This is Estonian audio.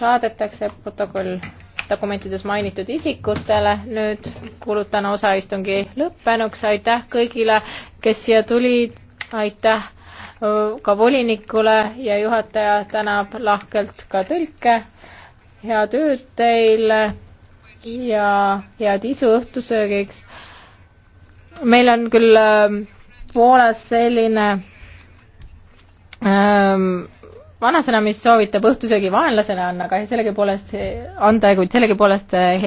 saadetakse protokoll dokumentides mainitud isikutele. nüüd kuulutan osaistungi lõppenuks, aitäh kõigile, kes siia tulid, aitäh ka volinikule ja juhataja tänab lahkelt ka tõlke. head ööd teile ja head isu õhtusöögiks. meil on küll Poolas selline ähm, vanasõna, mis soovitab õhtusöögi vaenlasele anna, aga sellegipoolest anda, kuid sellegipoolest eh,